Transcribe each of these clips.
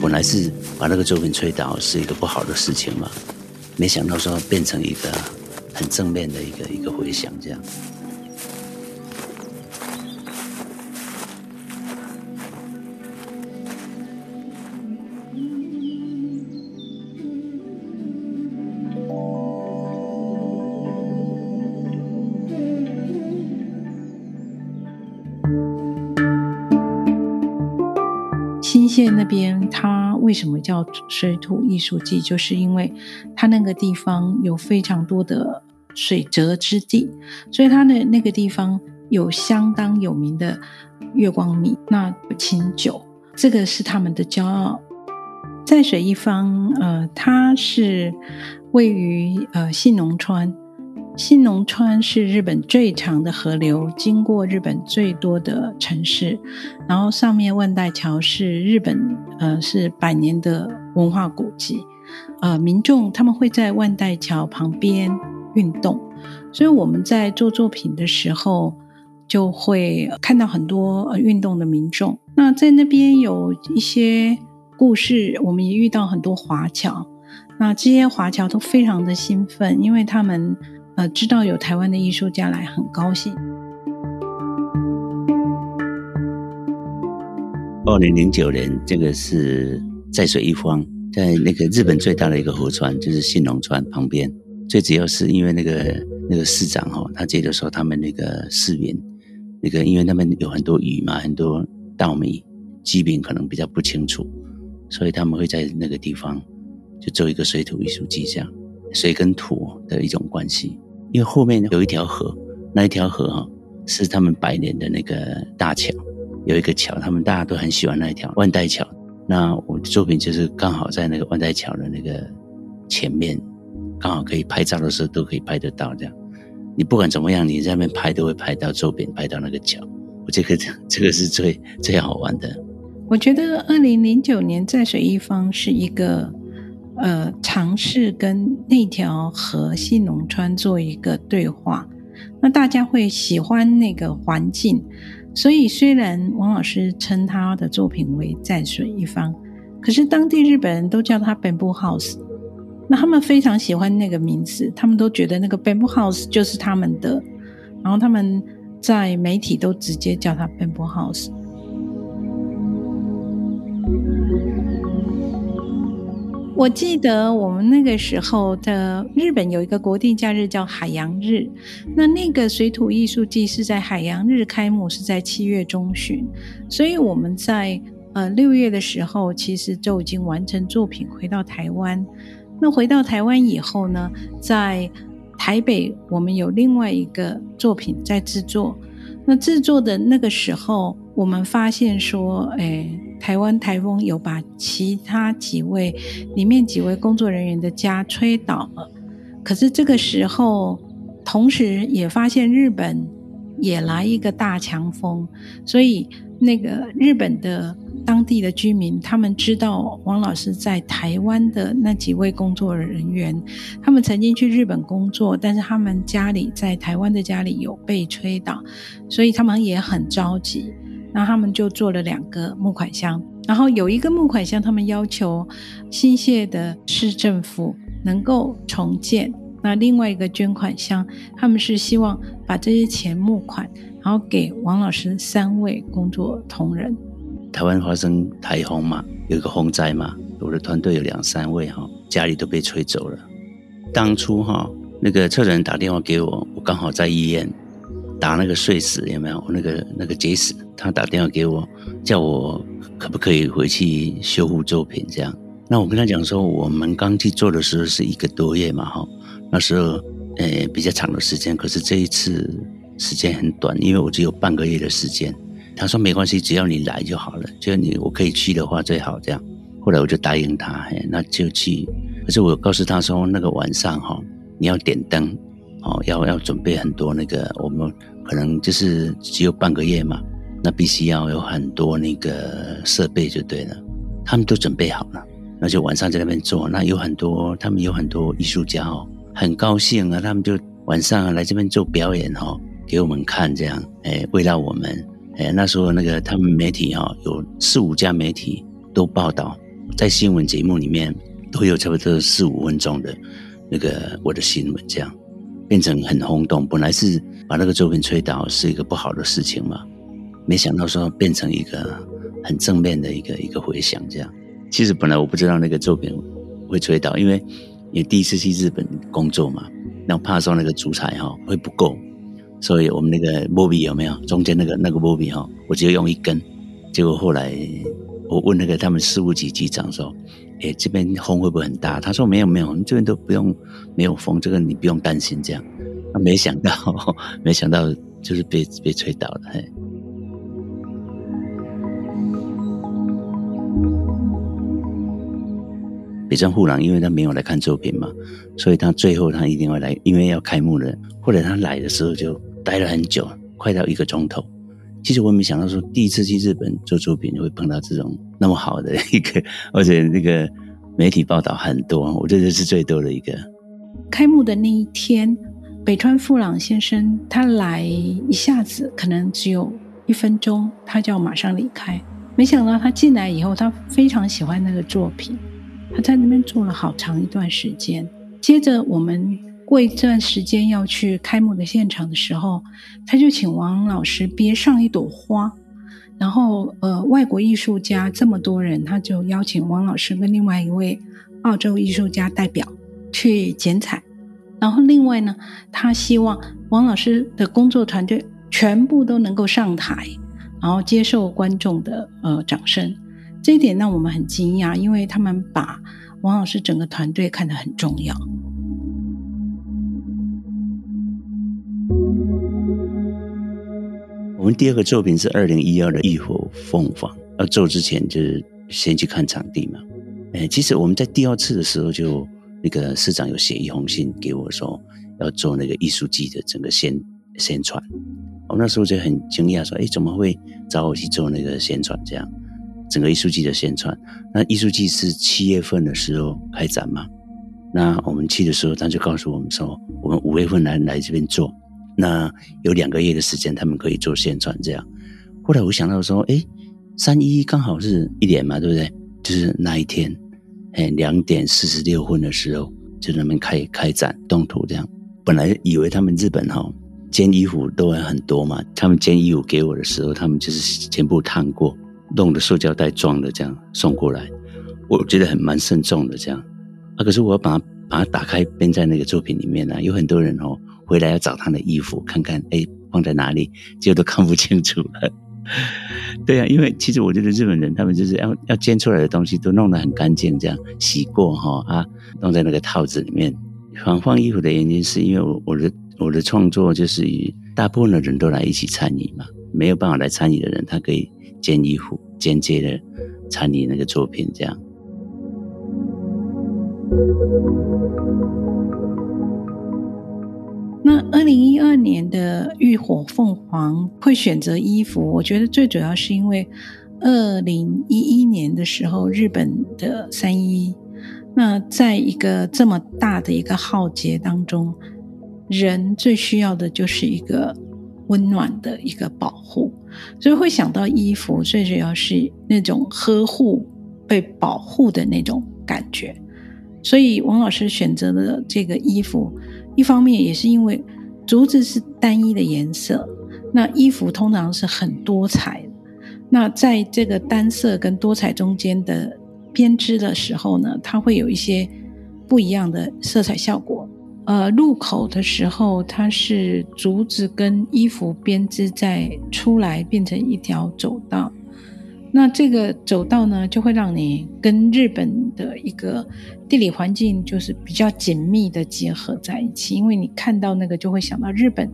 本來是把那個作品吹倒是一個不好的事情嘛，沒想到說變成一個很正面的一個一個回響這樣。那邊它為什麼叫水土藝術祭？就是因為它那個地方有非常多的水澤之地，所以它的那個地方有相當有名的月光米，那清酒，這個是他們的驕傲。在水一方，呃，它是位於呃信濃川。信濃川是日本最長的河流，經過日本最多的城市，然後上面萬代橋是日本呃是百年的文化古蹟，呃民眾他們會在萬代橋旁邊運動，所以我們在做作品的時候就會看到很多運動的民眾。那在那邊有一些故事，我們也遇到很多華僑，那這些華僑都非常的興奮，因為他們。呃，知道有台灣的藝術家來，很高興。二零零九年，這個是在水一方，在那個日本最大的一個河川，就是信濃川旁邊。最主要是因為那個那個市長哈，哦，他接著說，他們那個市民，那個因為他們有很多魚嘛，很多稻米，疾病可能比較不清楚，所以他們會在那個地方就做一個水土藝術祭這樣。水跟土的一種關係，因為後面有一條河，那一條河啊是他們百年的那個大橋，有一個橋，他們大家都很喜歡那一條萬代橋。那我的作品就是剛好在那個萬代橋的那個前面，剛好可以拍照的時候都可以拍得到這樣。你不管怎麼樣，你在那邊拍都會拍到作品，拍到那個橋。我這個這個是最最好玩的。我覺得二零零九年在水一方是一個。呃，嘗試跟那條河信濃川做一個對話，那大家會喜歡那個環境。所以雖然王老師稱他的作品為“在水一方”，可是當地日本人都叫他 “Bamboo House”。那他們非常喜歡那個名字，他們都覺得那個 “Bamboo House” 就是他們的，然後他們在媒體都直接叫他 “Bamboo House”。 我記得我們那個時候的日本有一個國定假日叫海洋日，那那個水土藝術祭是在海洋日開幕，是在七月中旬，所以我們在呃六月的時候其實就已經完成作品回到台灣。那回到台灣以後呢，在台北我們有另外一個作品在制作。那制作的那個時候，我們發現說，哎。台灣颱風有把其他幾位裡面幾位工作人員的家吹倒了，可是這個時候，同時也發現日本也來一個大強風，所以那個日本的當地的居民，他們知道王老師在台灣的那幾位工作人員，他們曾經去日本工作，但是他們家裡在台灣的家裡有被吹倒，所以他們也很着急那他們就做了兩個募款箱，然後有一個募款箱，他們要求新潟的市政府能夠重建；那另外一個捐款箱，他們是希望把這些錢募款，然後給王老師三位工作同仁。台灣發生颱風嘛，有一個洪災嘛，我的團隊有兩三位哈、哦，家裡都被吹走了。當初哈、哦，那個負責人打電話給我，我剛好在醫院。打那個碎石有沒有？我那個那個結石，他打電話給我，叫我可不可以回去修復作品這樣。那我跟他講說，我們剛去做的時候是一個多月嘛，哈，那時候呃，欸，比較長的時間。可是這一次時間很短，因為我只有半個月的時間。他說沒關係，只要你來就好了。就你我可以去的話最好這樣。後來我就答應他，欸，那就去。可是我告訴他說，那個晚上哈，你要點燈，哦，要要準備很多那個我們。可能就是只有半個月嘛，那必須要有很多那個設備就對了，他們都準備好了，那就晚上在那邊做。那有很多他們有很多藝術家哦，很高興啊，他們就晚上來這邊做表演哦，給我們看這樣，哎，為了我們，哎，那時候那個他們媒體哈，哦，有四五家媒體都報道，在新聞節目裡面都有差不多四五分鐘的那個我的新聞這樣。變成很轟動，本來是把那個作品吹倒是一個不好的事情嘛，沒想到說變成一個很正面的一個一個回響這樣。其實本來我不知道那個作品會吹倒，因為你第一次去日本工作嘛，然後怕說那個竹材，哈會不夠，所以我們那個毛筆有沒有中間那個那個毛筆哈，我只有用一根，結果後來我問那個他們事務局局長說。哎、欸，這邊風會不會很大？他說沒有沒有，我們這邊都不用，沒有風，這個你不用擔心。這樣，他、啊、沒想到呵呵，沒想到就是被被吹倒了。嘿， 北川富朗，因為他沒有來看作品嘛，所以他最後他一定會來，因為要開幕了，或者他來的時候就待了很久，快到一個鐘頭。其實我也沒想到，說第一次去日本做作品你會碰到這種那麼好的一個，而且那個媒體報道很多，我覺得這是最多的一個。開幕的那一天，北川富朗先生他來一下子，可能只有一分鐘，他就要馬上離開。沒想到他進來以後，他非常喜歡那個作品，他在那邊住了好長一段時間。接着我們，過一段時間要去開幕的現場的時候，他就請王老師別上一朵花，然後呃，外國藝術家這麼多人，他就邀請王老師跟另外一位澳洲藝術家代表去剪彩，然後另外呢，他希望王老師的工作團隊全部都能夠上台，然後接受觀眾的呃掌聲，這一點讓我們很驚訝，因為他們把王老師整個團隊看得很重要。我們第二個作品是二零一二的《浴火鳳凰》。要做之前，就是先去看場地嘛。誒、哎，其實我們在第二次的時候就，就那個市長有寫一封信給我說，說要做那個藝術季的整個宣宣傳。我那時候就很驚訝，說：“哎，怎麼會找我去做那個宣傳？這樣整個藝術季的宣傳？那藝術季是七月份的時候開展嘛？那我們去的時候，他就告訴我們說，我們五月份來來這邊做。”那有兩個月的時間，他們可以做宣傳這樣。後來我想到說，誒、欸，三一剛好是一年嘛，對不對？就是那一天，哎、欸，兩點四十六分的時候，就他們開開展動土這樣。本來以為他們日本哈，捐衣服都還很多嘛，他們捐衣服給我的時候，他們就是全部燙過，弄的塑膠袋裝的這樣送過來，我覺得很蠻慎重的這樣。啊，可是我要把。啊！打開編在那個作品裡面呢、啊，有很多人哦，回來要找他的衣服，看看，哎，放在哪裡，結果都看不清楚了。 對呀、啊，因為其實我覺得日本人他們就是要要捐出來的東西都弄得很乾淨，這樣洗過哈、哦、啊，弄在那個套子裡面。放換衣服的原因是因為我我的我的創作就是與大部分的人都來一起參與嘛，沒有辦法來參與的人，他可以捐衣服，間接的參與那個作品這樣。那二零一二年的浴火鳳凰會選擇衣服，我覺得最主要是因為二零一一年的時候，日本的三一，那在一個這麼大的一個浩劫當中，人最需要的就是一個溫暖的一個保護，所以會想到衣服，最主要是那種呵護、被保護的那種感覺。所以王老師選擇的這個衣服，一方面也是因為竹子是單一的顏色，那衣服通常是很多彩。那在這個單色跟多彩中間的編織的時候呢，它會有一些不一樣的色彩效果。呃，入口的時候，它是竹子跟衣服編織再出來變成一條走道。那這個走道呢，就會讓你跟日本的一個地理環境就是比較緊密的結合在一起，因為你看到那個就會想到日本。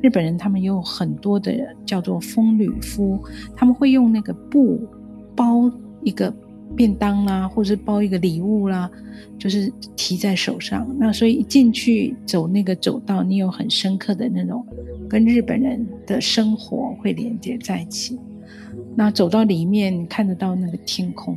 日本人他們有很多的叫做風呂敷，他們會用那個布包一個便當啦、啊，或者是包一個禮物啦、啊，就是提在手上。那所以一進去走那個走道，你有很深刻的那種跟日本人的生活會連接在一起。那走到裡面看得到那個天空，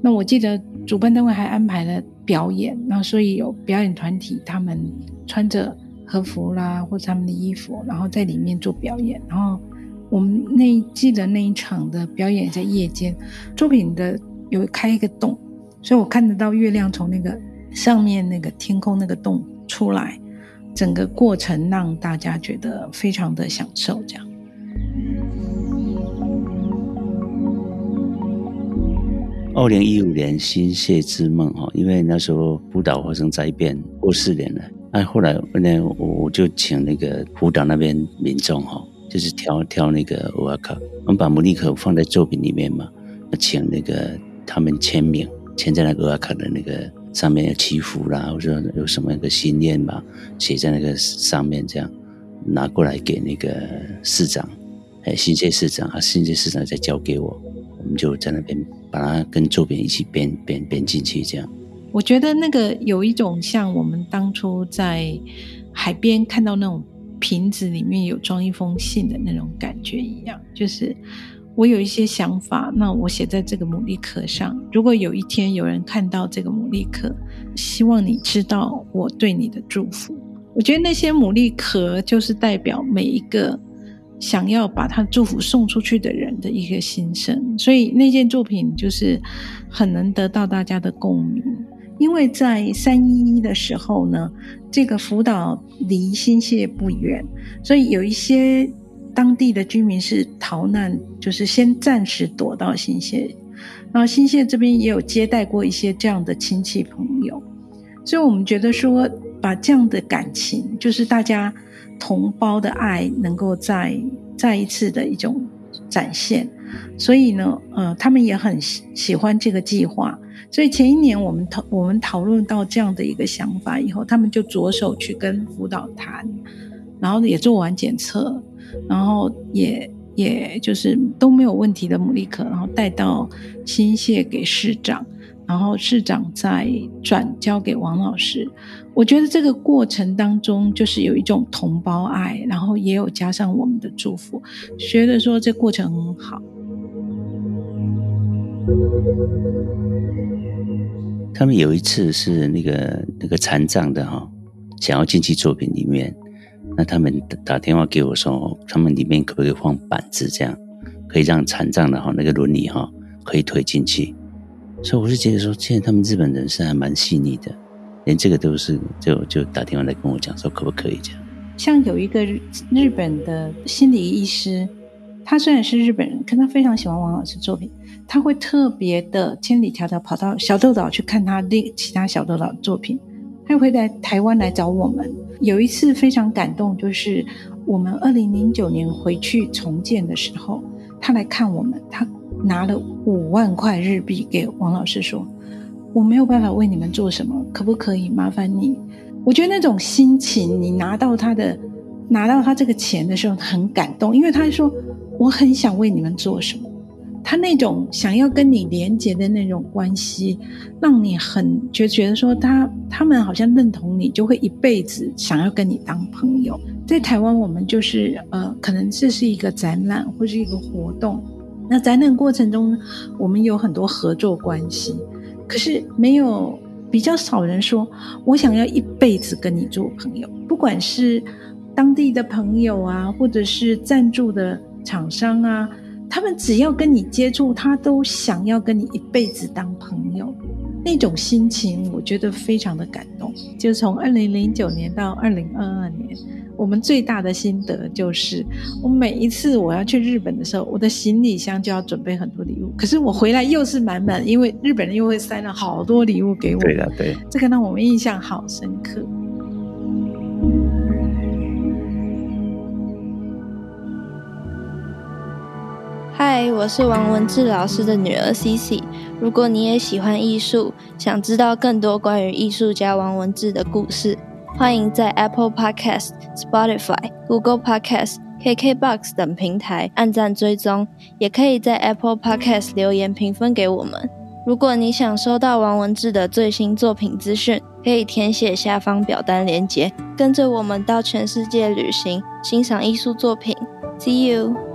那我記得主辦單位還安排了表演，那所以有表演團體他們穿着和服啦，或者他們的衣服，然後在裡面做表演。然後我們那一記得那一場的表演在夜間，作品的有開一個洞，所以我看得到月亮從那個上面那個天空那個洞出來，整個過程讓大家覺得非常的享受，這樣。二零一五年新潟織夢哈，因為那時候福島發生災變過四年了，那、啊、後來呢，我我就請那個福島那邊民眾哈，就是挑挑那個歐亞卡，我們把莫尼克放在作品裡面嘛，請那個他們簽名，簽在那個歐亞卡的那個上面祈福啦，或者有什麼樣的心願嘛，寫在那個上面這樣，拿過來給那個市長，哎，新潟市長啊，新潟市長再交給我。我們就在那邊把它跟周邊一起編編編進去，這樣。我覺得那個有一種像我們當初在海邊看到那種瓶子裡面有裝一封信的那種感覺一樣，就是我有一些想法，那我寫在這個牡蠣殼上，如果有一天有人看到這個牡蠣殼，希望你知道我對你的祝福。我覺得那些牡蠣殼就是代表每一個。想要把他祝福送出去的人的一個心聲，所以那件作品就是很能得到大家的共鳴。因為在三一一的時候呢，這個福島離新潟不遠，所以有一些當地的居民是逃難，就是先暫時躲到新潟。然後新潟這邊也有接待過一些這樣的親戚朋友，所以我們覺得說，把這樣的感情，就是大家。同胞的愛能夠再再一次的一種展現，所以呢，呃，他們也很喜歡這個計劃。所以前一年我們討我們討論到這樣的一個想法以後，他們就着手去跟福島談，然後也做完檢測，然後也也就是都沒有問題的牡蠣殼，然後帶到新潟給市長。然後市長再轉交給王老師，我覺得這個過程當中就是有一種同胞愛，然後也有加上我們的祝福，覺得說這過程很好。他們有一次是那個那個殘障的哈、喔，想要進去作品裡面，那他們打電話給我說，他們裡面可不可以放板子，這樣可以讓殘障的哈、喔，那個輪椅哈、喔，可以推進去。所以我是覺得說，現在他們日本人是還蠻細膩的，連這個都是就就打電話來跟我講說可不可以這樣。像有一個日、日本的心理醫師，他雖然是日本人，但他非常喜歡王老師作品，他會特別的千里迢迢跑到小豆島去看他那其他小豆島的作品，他也會在台灣來找我們。有一次非常感動，就是我們二零零九年回去重建的時候，他來看我們，他。拿了五萬塊日幣給王老師說：“我沒有辦法為你們做什麼，可不可以麻煩你？”我覺得那種心情，你拿到他的拿到他這個錢的時候很感動，因為他說：“我很想為你們做什麼。”他那種想要跟你連接的那種關係，讓你很就覺得說他他們好像認同你，就會一輩子想要跟你當朋友。在台灣，我們就是呃，可能這是一個展覽或是一個活動。那展覽過程中，我們有很多合作關係，可是沒有，比較少人說，我想要一輩子跟你做朋友。不管是當地的朋友啊，或者是贊助的廠商啊，他們只要跟你接觸，他都想要跟你一輩子當朋友。那種心情，我覺得非常的感動。就從二零零九年到二零二二年，我們最大的心得就是，我每一次我要去日本的時候，我的行李箱就要準備很多禮物。可是我回來又是滿滿，嗯，因為日本人又會塞了好多禮物給我。對的，啊，對。這個讓我們印象好深刻。嗨，Hi, 我是王文志老師的女兒 CC。如果你也喜歡藝術，想知道更多關於藝術家王文志的故事，歡迎在 Apple Podcast、Spotify、Google Podcast、KKBox 等平台按讚追蹤，也可以在 Apple Podcast 留言評分給我們。如果你想收到王文志的最新作品資訊，可以填寫下方表單連結，跟着我們到全世界旅行，欣賞藝術作品。See you。